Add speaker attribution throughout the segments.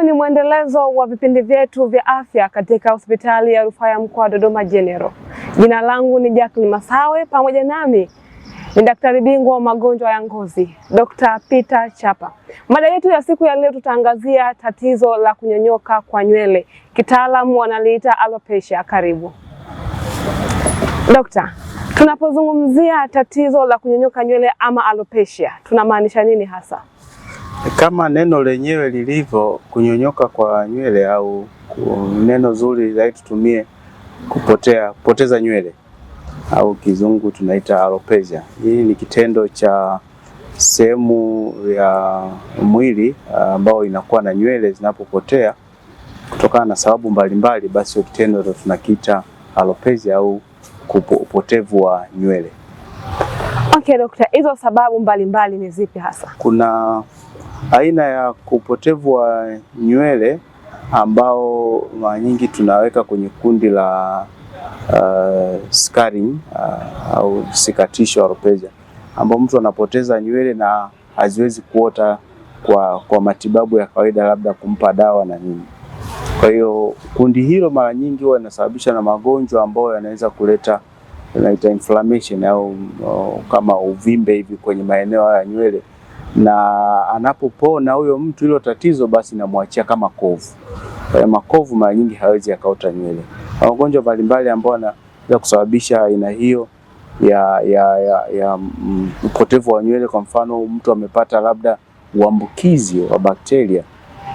Speaker 1: Huu ni mwendelezo wa vipindi vyetu vya afya katika hospitali ya rufaa ya mkoa wa Dodoma General. Jina langu ni Jacqueline Masawe, pamoja nami ni daktari bingwa wa magonjwa ya ngozi Dr. Peter Chapa. Mada yetu ya siku ya leo tutaangazia tatizo la kunyonyoka kwa nywele, kitaalamu wanaliita alopecia. Karibu Dokta, tunapozungumzia tatizo la kunyonyoka nywele ama alopecia tunamaanisha nini hasa?
Speaker 2: Kama neno lenyewe lilivyo, kunyonyoka kwa nywele au neno zuri zaidi tutumie kupotea, kupoteza nywele au kizungu tunaita alopecia. Hii ni kitendo cha sehemu ya mwili ah, ambayo inakuwa na nywele zinapopotea kutokana na sababu mbalimbali, basi kitendo ndio tunakiita alopecia au upotevu wa nywele.
Speaker 1: Okay, dokta, hizo sababu mbalimbali ni zipi hasa?
Speaker 2: Kuna Aina ya upotevu wa nywele ambao mara nyingi tunaweka kwenye kundi la uh, scarring uh, au sikatisho alopecia, ambao mtu anapoteza nywele na haziwezi kuota kwa, kwa matibabu ya kawaida, labda kumpa dawa na nini. Kwa hiyo kundi hilo mara nyingi huwa inasababisha na magonjwa ambayo yanaweza kuleta inaita inflammation au, au kama uvimbe hivi kwenye maeneo ya nywele na anapopona huyo mtu hilo tatizo, basi namwachia kama kovu. Kwa makovu mara nyingi hawezi akaota nywele. Magonjwa mbalimbali ambayo yanaweza kusababisha aina hiyo ya, ya, ya, ya mm, upotevu wa nywele, kwa mfano mtu amepata labda uambukizi wa bakteria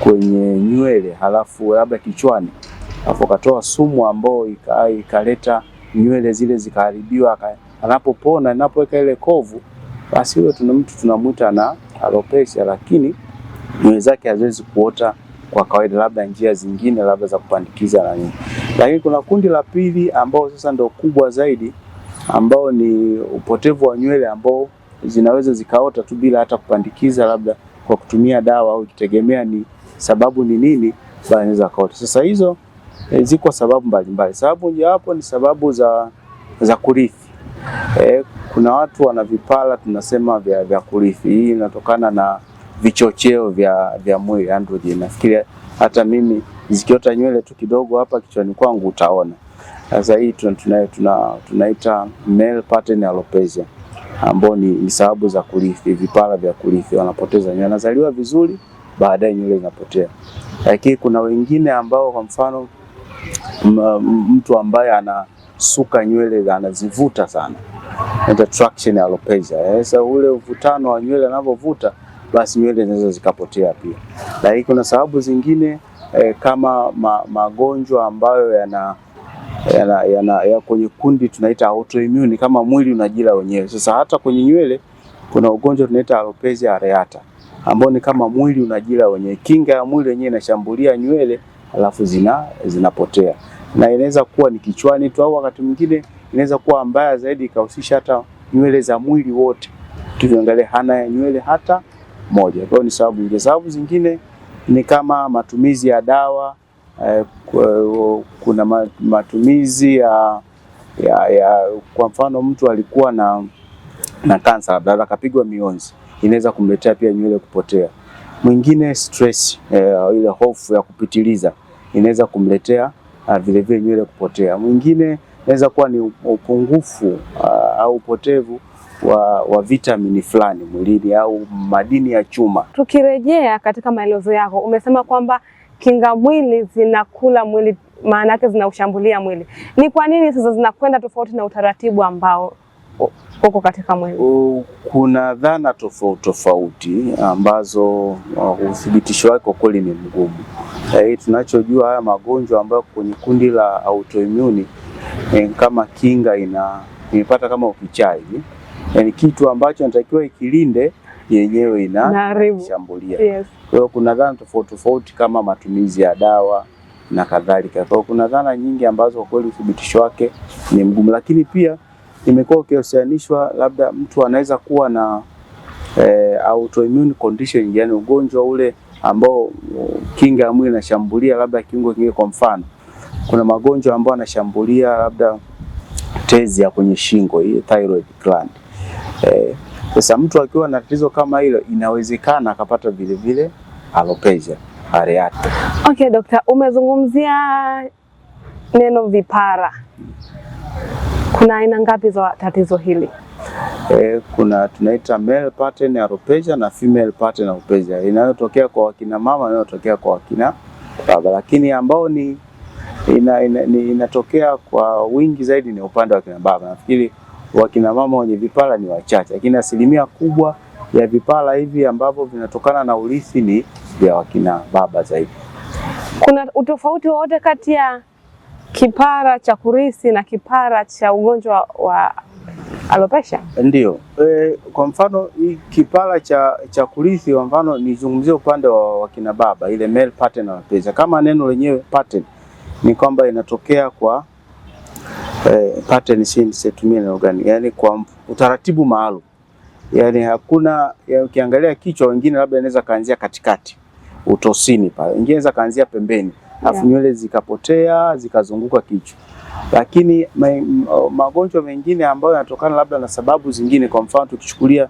Speaker 2: kwenye nywele halafu labda kichwani, alafu akatoa sumu ambayo ikaleta nywele zile zikaharibiwa, anapopona, inapoweka ile kovu basi huyo tuna mtu tunamwita na alopecia, lakini nywele zake haziwezi kuota kwa kawaida, labda njia zingine labda za kupandikiza na nini. Lakini kuna kundi la pili ambao sasa ndio kubwa zaidi, ambao ni upotevu wa nywele ambao zinaweza zikaota tu bila hata kupandikiza, labda kwa kutumia dawa au kitegemea ni sababu ni nini, bali inaweza kaota. Sasa hizo eh, ziko sababu mbalimbali mbali. Sababu mojawapo ni sababu za, za kurithi E, kuna watu wana vipara tunasema vya, vya kurithi. Hii inatokana na vichocheo vya, vya mwili androgen. Nafikiri hata mimi zikiota nywele tu kidogo hapa kichwani kwangu utaona. Sasa hii tunaita tuna, tuna, tuna male pattern alopecia ambao ni, ni sababu za kurithi, vipara vya kurithi, wanapoteza nywele. Wanazaliwa vizuri, baadaye nywele inapotea. Lakini kuna wengine ambao kwa mfano mtu ambaye ana anasuka nywele anazivuta sana, inaitwa traction alopecia. Eh, sasa ule uvutano wa nywele anavyovuta, basi nywele zinaweza zikapotea pia. Lakini kuna sababu zingine eh, kama ma, magonjwa ambayo yana yana, yana, ya kwenye kundi tunaita autoimmune, kama mwili unajila wenyewe. Sasa hata kwenye nywele kuna ugonjwa tunaita alopecia areata ambao ni kama mwili unajila wenyewe, kinga ya mwili wenyewe inashambulia nywele alafu zina zinapotea na inaweza kuwa ni kichwani tu, au wakati mwingine inaweza kuwa mbaya zaidi ikahusisha hata nywele za mwili wote. Tuangalie hana ya nywele hata moja. Kwa hiyo ni sababu ile. Sababu zingine ni kama matumizi ya dawa eh, kuna matumizi ya, ya, ya kwa mfano mtu alikuwa na na kansa labda akapigwa mionzi, inaweza kumletea pia nywele kupotea. Mwingine stress eh, ile hofu ya kupitiliza inaweza kumletea Ah, vilevile nywele kupotea. Mwingine inaweza kuwa ni upungufu ah, au upotevu wa, wa vitamini fulani mwilini au madini ya chuma.
Speaker 1: Tukirejea katika maelezo yako, umesema kwamba kinga mwili zinakula mwili, maana yake zinaushambulia mwili. Ni kwa nini sasa zinakwenda tofauti na utaratibu ambao huko katika mwili.
Speaker 2: Kuna dhana tofauti tofauti ambazo uh, uthibitisho wake kwa kweli ni mgumu. E, tunachojua haya magonjwa ambayo kwenye kundi la autoimmune e, kama kinga ina imepata kama ukichaa hivi yani, eh, kitu ambacho inatakiwa ikilinde yenyewe inashambulia. Yes. Kwa hiyo kuna dhana tofauti tofauti kama matumizi ya dawa na kadhalika. Kwa hiyo kuna dhana nyingi ambazo kwa kweli uthibitisho wake ni mgumu, lakini pia imekuwa ukihusianishwa labda mtu anaweza kuwa na e, autoimmune condition, yani ugonjwa ule ambao kinga ya mwili inashambulia labda kiungo kingine. Kwa mfano, kuna magonjwa ambayo anashambulia labda tezi ya kwenye shingo, hii thyroid gland e, sasa mtu akiwa na tatizo kama hilo inawezekana akapata vilevile alopecia areata.
Speaker 1: Okay, daktari, umezungumzia neno vipara kuna aina ngapi za tatizo hili?
Speaker 2: E, kuna tunaita male pattern alopecia na female pattern alopecia inayotokea kwa wakina mama, inayotokea kwa wakina baba, lakini ambao ni ina, ina, ina, inatokea kwa wingi zaidi ni upande wa kina baba. Nafikiri wakina mama wenye vipara ni wachache, lakini asilimia kubwa ya vipara hivi ambavyo vinatokana na urithi ni vya wakina baba zaidi.
Speaker 1: Kuna utofauti wowote kati ya kipara cha kurisi na kipara cha ugonjwa wa alopecia?
Speaker 2: Ndio. E, kwa mfano hii kipara cha, cha kurithi kwa mfano nizungumzie upande wa wakina baba, ile male pattern alopecia. Kama neno lenyewe pattern ni kwamba inatokea kwa eh, pattern situmie organic, yani kwa utaratibu maalum yani hakuna ya, ukiangalia kichwa wengine labda inaweza kaanzia katikati utosini pale, wengine inaweza kaanzia pembeni alafu yeah. nywele zikapotea zikazunguka kichwa. Lakini magonjwa mengine ambayo yanatokana labda na sababu zingine, kwa mfano tukichukulia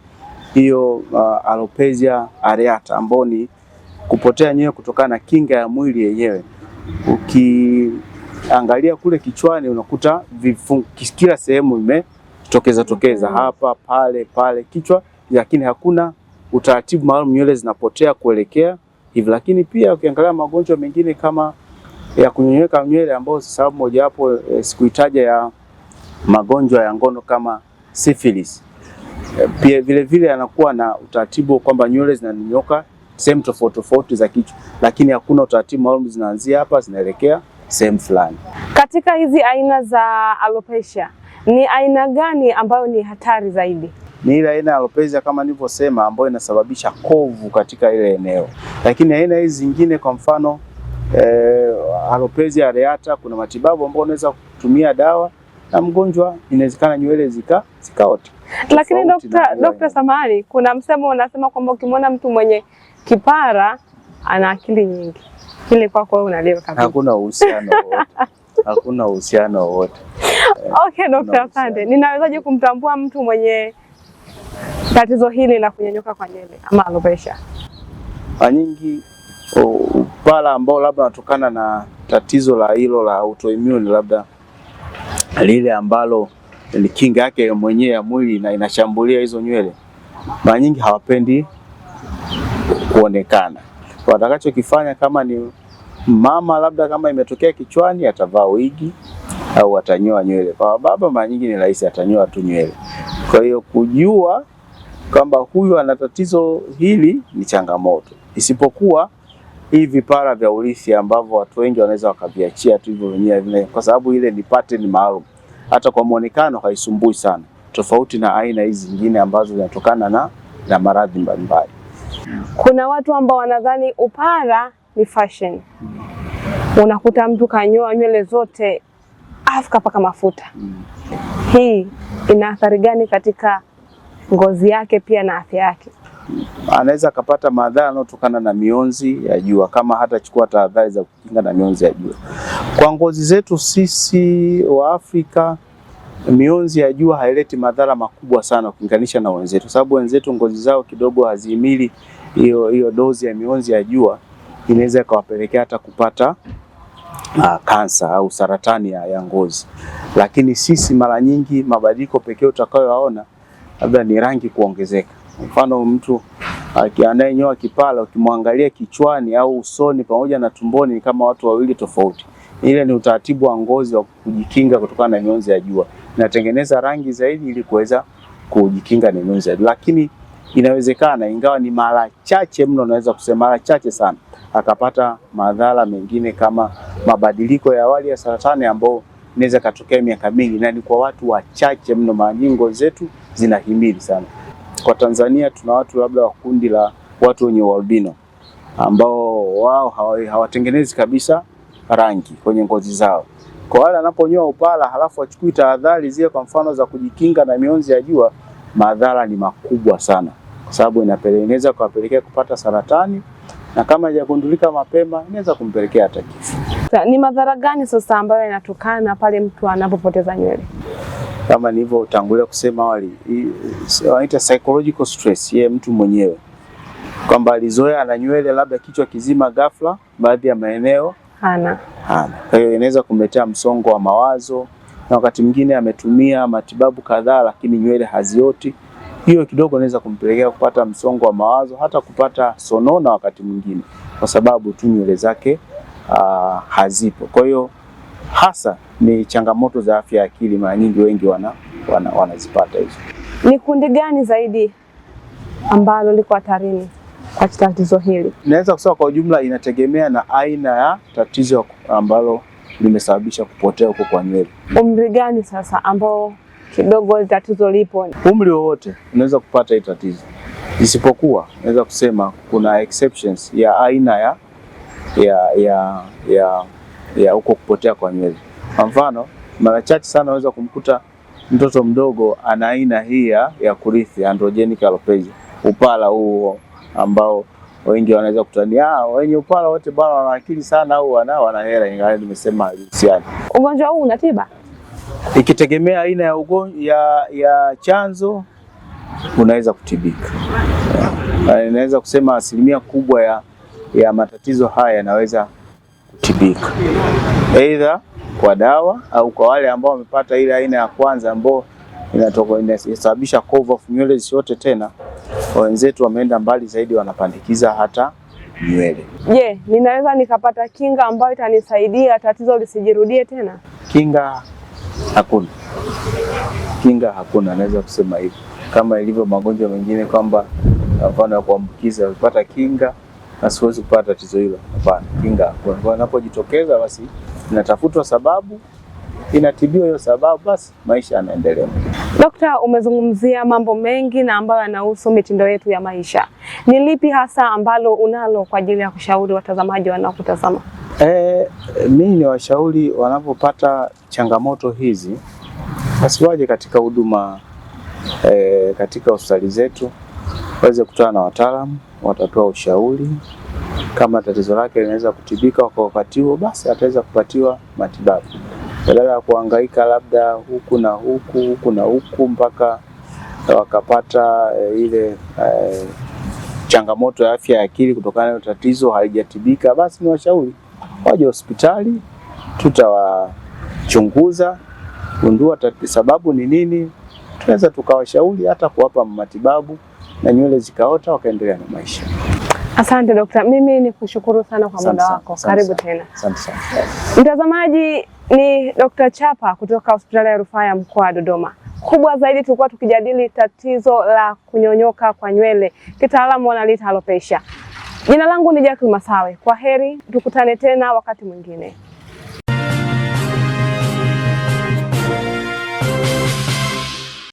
Speaker 2: hiyo uh, alopecia areata ambao ni kupotea nywele kutokana na kinga ya mwili yenyewe. Ukiangalia kule kichwani unakuta vifungu kila sehemu imetokeza tokeza mm. hapa pale pale kichwa, lakini hakuna utaratibu maalum nywele zinapotea kuelekea hivi. Lakini pia ukiangalia magonjwa mengine kama ya kunyonyeka nywele ambayo sababu mojawapo e, eh, sikuitaja ya magonjwa ya ngono kama syphilis e, pia vile vile anakuwa na utaratibu kwamba nywele zinanyonyoka sehemu tofauti tofauti za kichwa, lakini hakuna utaratibu maalum, zinaanzia hapa zinaelekea sehemu fulani.
Speaker 1: Katika hizi aina za alopecia, ni aina gani ambayo ni hatari zaidi?
Speaker 2: ni ile aina ya alopecia kama nilivyosema, ambayo inasababisha kovu katika ile eneo. Lakini aina hizi zingine, kwa mfano eh, alopecia areata, kuna matibabu ambayo unaweza kutumia dawa na mgonjwa inawezekana nywele zika zikaote.
Speaker 1: Lakini dokta dokta Samani, kuna msemo unasema kwamba ukimwona mtu mwenye kipara ana akili nyingi, Kile kwako wewe unaliwa kabisa.
Speaker 2: Hakuna uhusiano wowote hakuna uhusiano wote.
Speaker 1: Okay, dokta, asante. Ninawezaje kumtambua mtu mwenye tatizo hili la kunyanyuka kwa nywele ama alopecia?
Speaker 2: Nyingi pala ambao labda natokana na tatizo la hilo la autoimmune, labda lile ambalo ni kinga yake mwenyewe ya mwili na inashambulia hizo nywele, mara nyingi hawapendi kuonekana. Watakachokifanya kama ni mama, labda kama imetokea kichwani, atavaa wigi au atanyoa nywele. Kwa baba mara nyingi ni rahisi, atanyoa tu nywele. Kwa hiyo kujua kwamba huyu ana tatizo hili, ni changamoto. Isipokuwa hii vipara vya urithi ambavyo watu wengi wanaweza wakaviachia tu hivyo wenyewe, kwa sababu ile ni pattern maalum, hata kwa muonekano haisumbui sana, tofauti na aina hizi zingine ambazo zinatokana na, na maradhi mbalimbali.
Speaker 1: Kuna watu ambao wanadhani upara ni fashion. Hmm. Unakuta mtu kanyoa nywele zote afuka paka mafuta. Hmm. Hii ina athari gani katika ngozi yake pia na afya yake.
Speaker 2: Anaweza akapata madhara yanayotokana na mionzi ya jua kama hatachukua tahadhari za kukinga na mionzi ya jua. Kwa ngozi zetu sisi wa Afrika, mionzi ya jua haileti madhara makubwa sana ukilinganisha na wenzetu, sababu wenzetu ngozi zao kidogo hazihimili hiyo hiyo dozi ya mionzi ya jua, inaweza ikawapelekea hata kupata uh, kansa au saratani ya, ya ngozi. Lakini sisi mara nyingi mabadiliko pekee utakayoyaona labda ni rangi kuongezeka. Mfano, mtu anayenyoa kipara ukimwangalia kichwani au usoni pamoja na tumboni ni kama watu wawili tofauti. Ile ni utaratibu wa ngozi wa kujikinga kutokana na mionzi ya jua, inatengeneza rangi zaidi ili kuweza kujikinga na mionzi ya jua. Lakini inawezekana, ingawa ni mara chache mno, naweza kusema mara chache sana, akapata madhara mengine kama mabadiliko ya awali ya saratani ambao inaweza katokea miaka mingi, na ni kwa watu wachache mno. Mara zetu zinahimili sana. Kwa Tanzania tuna watu labda wa kundi la watu wenye ualbino ambao wao hawatengenezi kabisa rangi kwenye ngozi zao. Kwa wale anaponyoa upala halafu achukui tahadhari zile, kwa mfano za kujikinga na mionzi ya jua, madhara ni makubwa sana, kwa sababu inaweza kuwapelekea kupata saratani, na kama haijagundulika mapema inaweza kumpelekea hata kifo.
Speaker 1: Sa, ni madhara gani sasa ambayo yanatokana pale mtu anapopoteza nywele?
Speaker 2: Kama nilivyotangulia kusema awali, wanaita psychological stress yeye mtu mwenyewe kwamba alizoea ana nywele labda kichwa kizima, ghafla baadhi ya maeneo hana hana. Kwa hiyo inaweza kumletea msongo wa mawazo, na wakati mwingine ametumia matibabu kadhaa, lakini nywele hazioti. Hiyo kidogo inaweza kumpelekea kupata msongo wa mawazo, hata kupata sonona wakati mwingine, kwa sababu tu nywele zake uh, hazipo. Kwa hiyo hasa ni changamoto za afya ya akili, mara nyingi wengi wanazipata wana, hizo.
Speaker 1: Ni kundi gani zaidi ambalo liko hatarini kwa tatizo hili?
Speaker 2: Naweza kusema kwa ujumla inategemea na aina ya tatizo ambalo limesababisha kupotea huko kwa nywele.
Speaker 1: Umri gani sasa ambao kidogo tatizo lipo?
Speaker 2: Umri wowote unaweza kupata hii tatizo, isipokuwa naweza kusema kuna exceptions ya aina ya ya ya ya ya huko kupotea kwa nywele. Kwa mfano, mara chache sana unaweza kumkuta mtoto mdogo ana aina hii ya kurithi androgenic alopecia, upala huo ambao wengi wanaweza kutania ah, wenye upala wote bwana wana akili sana au wana wana hela, ingawa nimesema hisiani.
Speaker 1: Ugonjwa huu unatiba
Speaker 2: ikitegemea aina ya ugonjwa ya, ya chanzo unaweza kutibika. Inaweza yaani, kusema asilimia kubwa ya ya matatizo haya yanaweza kutibika aidha kwa dawa au kwa wale ambao wamepata ile aina ya kwanza ambao inasababisha cover of nywele zote. tena. Wenzetu wameenda mbali zaidi, wanapandikiza hata nywele.
Speaker 1: Je, yeah, ninaweza nikapata kinga ambayo itanisaidia tatizo lisijirudie tena?
Speaker 2: Kinga hakuna, kinga hakuna, naweza kusema hivyo, kama ilivyo magonjwa mengine kwamba mfano ya kuambukiza, ukipata kinga na siwezi kupata tatizo hilo. Hapana, kinga anapojitokeza basi inatafutwa sababu, inatibiwa hiyo sababu, basi maisha yanaendelea.
Speaker 1: Dokta, umezungumzia mambo mengi na ambayo yanahusu mitindo yetu ya maisha. Ni lipi hasa ambalo unalo kwa ajili ya kushauri watazamaji wanaokutazama?
Speaker 2: Eh, mimi ni washauri wanapopata changamoto hizi basi waje katika huduma eh, katika hospitali zetu waweze kutana na wataalamu, watatoa ushauri. Kama tatizo lake linaweza kutibika kwa wakati huo, basi ataweza kupatiwa matibabu badala ya kuhangaika labda huku na huku huku na huku mpaka wakapata e, ile e, changamoto ya afya ya akili kutokana na tatizo halijatibika, basi ni washauri waje hospitali, tutawachunguza kugundua sababu ni nini, tunaweza tukawashauri hata kuwapa matibabu na nywele zikaota wakaendelea na maisha.
Speaker 1: Asante dokta, mimi ni kushukuru sana kwa muda wako. Karibu tena. Asante sana mtazamaji. Ni Dokta Chapa kutoka hospitali ya rufaa ya mkoa wa Dodoma. Kubwa zaidi tulikuwa tukijadili tatizo la kunyonyoka kwa nywele, kitaalamu wanaliita alopecia. Jina langu ni Jackie Masawe. Kwa heri, tukutane tena wakati mwingine.